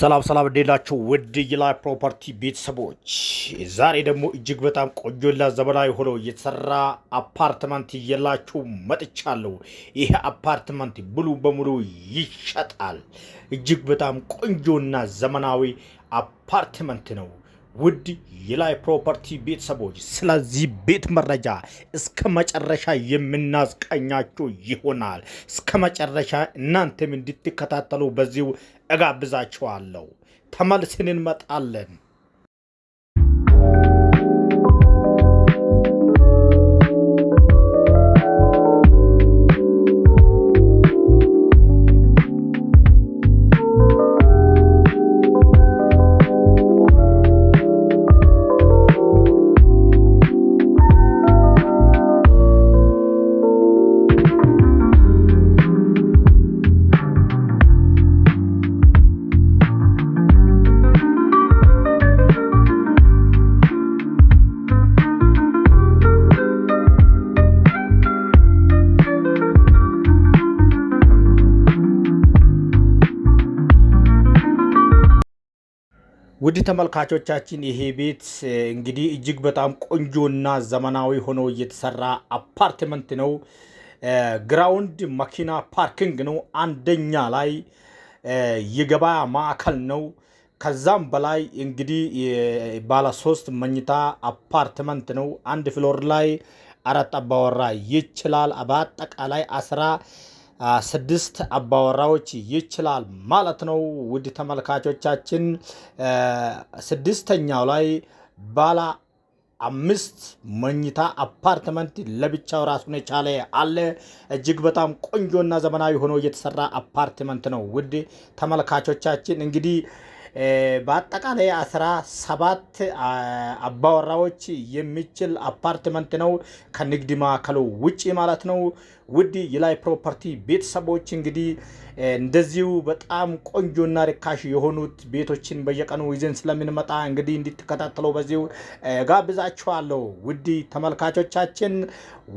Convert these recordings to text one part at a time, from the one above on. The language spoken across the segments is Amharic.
ሰላም ሰላም እንዴላችሁ ውድ ይላ ፕሮፐርቲ ቤተሰቦች፣ ዛሬ ደግሞ እጅግ በጣም ቆንጆና ዘመናዊ ሆኖ የተሰራ አፓርትመንት እየላችሁ መጥቻለሁ። ይሄ አፓርትመንት ሙሉ በሙሉ ይሸጣል። እጅግ በጣም ቆንጆና ዘመናዊ አፓርትመንት ነው። ውድ የላይ ፕሮፐርቲ ቤተሰቦች ስለዚህ ቤት መረጃ እስከ መጨረሻ የምናስቀኛችሁ ይሆናል። እስከ መጨረሻ እናንተም እንድትከታተሉ በዚሁ እጋብዛችኋለሁ። ተመልሰን እንመጣለን። ውድ ተመልካቾቻችን ይሄ ቤት እንግዲህ እጅግ በጣም ቆንጆና ዘመናዊ ሆኖ እየተሰራ አፓርትመንት ነው። ግራውንድ መኪና ፓርኪንግ ነው። አንደኛ ላይ የገበያ ማዕከል ነው። ከዛም በላይ እንግዲህ ባለ ሶስት መኝታ አፓርትመንት ነው። አንድ ፍሎር ላይ አራት አባወራ ይችላል። በአጠቃላይ አስራ ስድስት አባወራዎች ይችላል ማለት ነው። ውድ ተመልካቾቻችን ስድስተኛው ላይ ባለ አምስት መኝታ አፓርትመንት ለብቻው ራሱን የቻለ አለ። እጅግ በጣም ቆንጆና ዘመናዊ ሆኖ እየተሰራ አፓርትመንት ነው። ውድ ተመልካቾቻችን እንግዲህ በአጠቃላይ አስራ ሰባት አባወራዎች የሚችል አፓርትመንት ነው ከንግድ ማዕከሉ ውጭ ማለት ነው። ውድ የላይ ፕሮፐርቲ ቤተሰቦች እንግዲህ እንደዚሁ በጣም ቆንጆና ርካሽ የሆኑት ቤቶችን በየቀኑ ይዘን ስለምንመጣ እንግዲህ እንድትከታተለው በዚሁ ጋብዛችኋለሁ። ውድ ተመልካቾቻችን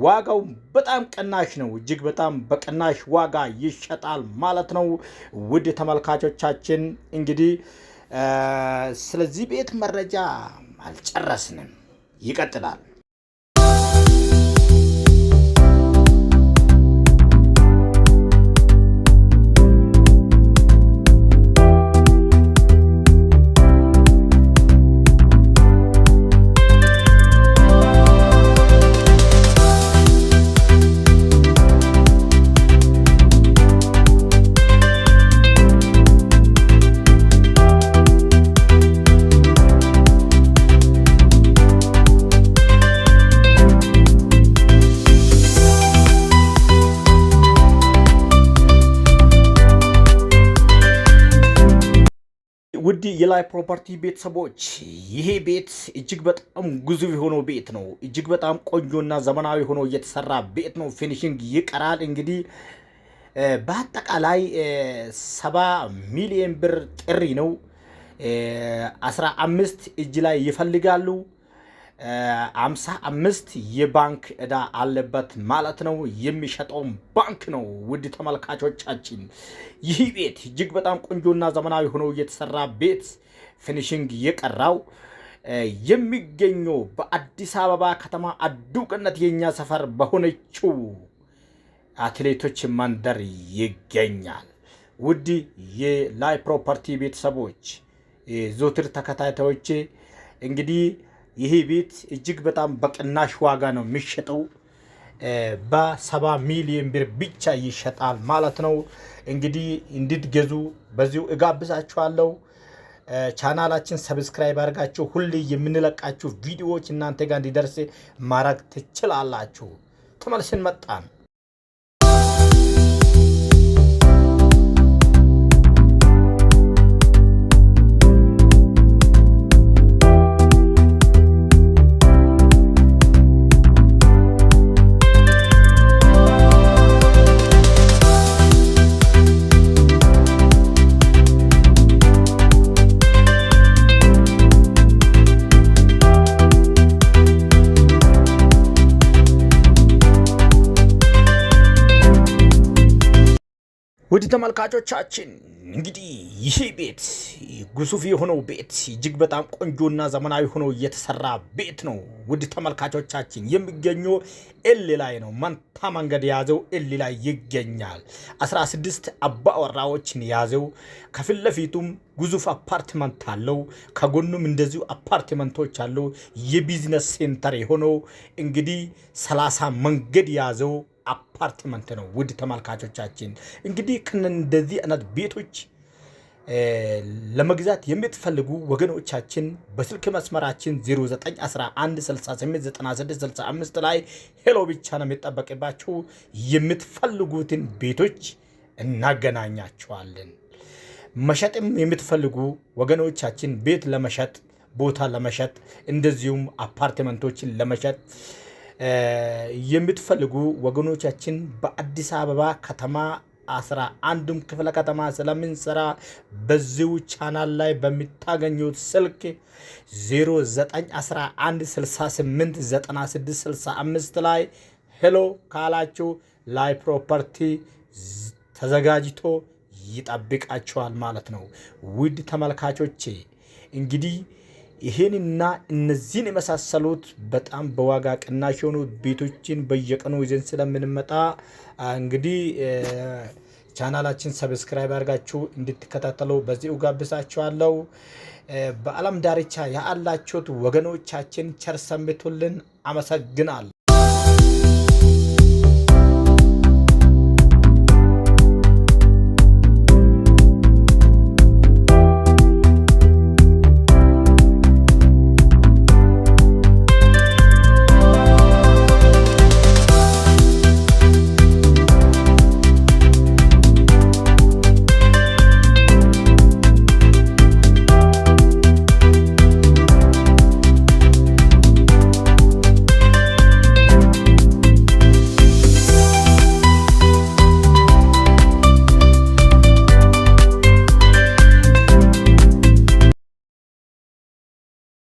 ዋጋው በጣም ቅናሽ ነው። እጅግ በጣም በቅናሽ ዋጋ ይሸጣል ማለት ነው። ውድ ተመልካቾቻችን እንግዲህ ስለዚህ ቤት መረጃ አልጨረስንም፣ ይቀጥላል። ውድ የላይ ፕሮፐርቲ ቤተሰቦች ይሄ ቤት እጅግ በጣም ግዙፍ የሆነው ቤት ነው። እጅግ በጣም ቆንጆና ዘመናዊ ሆኖ እየተሰራ ቤት ነው። ፊኒሽንግ ይቀራል። እንግዲህ በአጠቃላይ ሰባ ሚሊዮን ብር ጥሪ ነው። አስራ አምስት እጅ ላይ ይፈልጋሉ። አምሳ አምስት የባንክ እዳ አለበት ማለት ነው። የሚሸጠውን ባንክ ነው። ውድ ተመልካቾቻችን ይህ ቤት እጅግ በጣም ቆንጆና ዘመናዊ ሆኖ የተሰራ ቤት ፊኒሽንግ የቀራው የሚገኘው በአዲስ አበባ ከተማ አዱቅነት የኛ ሰፈር በሆነችው አትሌቶች መንደር ይገኛል። ውድ የላይ ፕሮፐርቲ ቤተሰቦች ዞትር ተከታታዮቼ እንግዲህ ይሄ ቤት እጅግ በጣም በቅናሽ ዋጋ ነው የሚሸጠው። በሰባ ሚሊዮን ብር ብቻ ይሸጣል ማለት ነው። እንግዲህ እንድትገዙ በዚሁ እጋብዛችኋለሁ። ቻናላችን ሰብስክራይብ አድርጋችሁ ሁሌ የምንለቃችሁ ቪዲዮዎች እናንተ ጋር እንዲደርስ ማድረግ ትችላላችሁ። ተመልሰን መጣን። ውድ ተመልካቾቻችን እንግዲህ ይህ ቤት ግዙፍ የሆነው ቤት እጅግ በጣም ቆንጆና ዘመናዊ ሆኖ የተሰራ ቤት ነው። ውድ ተመልካቾቻችን የሚገኘው ኤል ላይ ነው። መንታ መንገድ የያዘው ኤል ላይ ይገኛል። 16 አባወራዎችን የያዘው ከፊት ለፊቱም ግዙፍ አፓርትመንት አለው። ከጎኑም እንደዚሁ አፓርትመንቶች አለው። የቢዝነስ ሴንተር የሆነው እንግዲህ 30 መንገድ የያዘው አፓርትመንት ነው። ውድ ተመልካቾቻችን እንግዲህ እንደዚህ አይነት ቤቶች ለመግዛት የምትፈልጉ ወገኖቻችን በስልክ መስመራችን 0911689665 ላይ ሄሎ ብቻ ነው የሚጠበቅባችሁ። የምትፈልጉትን ቤቶች እናገናኛችኋለን። መሸጥም የምትፈልጉ ወገኖቻችን ቤት ለመሸጥ ቦታ ለመሸጥ እንደዚሁም አፓርትመንቶችን ለመሸጥ የምትፈልጉ ወገኖቻችን በአዲስ አበባ ከተማ አስራ አንዱም ክፍለ ከተማ ስለምንሰራ በዚሁ ቻናል ላይ በሚታገኙት ስልክ 0911689665 ላይ ሄሎ ካላችሁ ላይ ፕሮፐርቲ ተዘጋጅቶ ይጠብቃችኋል ማለት ነው። ውድ ተመልካቾቼ እንግዲህ ይህንና እነዚህን የመሳሰሉት በጣም በዋጋ ቅናሽ የሆኑ ቤቶችን በየቀኑ ይዘን ስለምንመጣ እንግዲህ ቻናላችን ሰብስክራይብ አድርጋችሁ እንድትከታተሉ በዚህ እጋብዛችኋለሁ። በዓለም ዳርቻ ያላችሁት ወገኖቻችን ቸር ሰንብቱልን። አመሰግናለሁ።